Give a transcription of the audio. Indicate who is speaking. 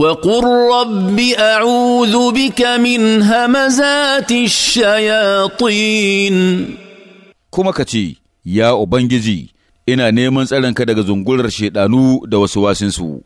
Speaker 1: وقل رب اعوذ بك من همزات الشياطين kuma ka ce ya ubangiji
Speaker 2: ina neman tsaronka daga zungular shaɗanu da wasu wasinsu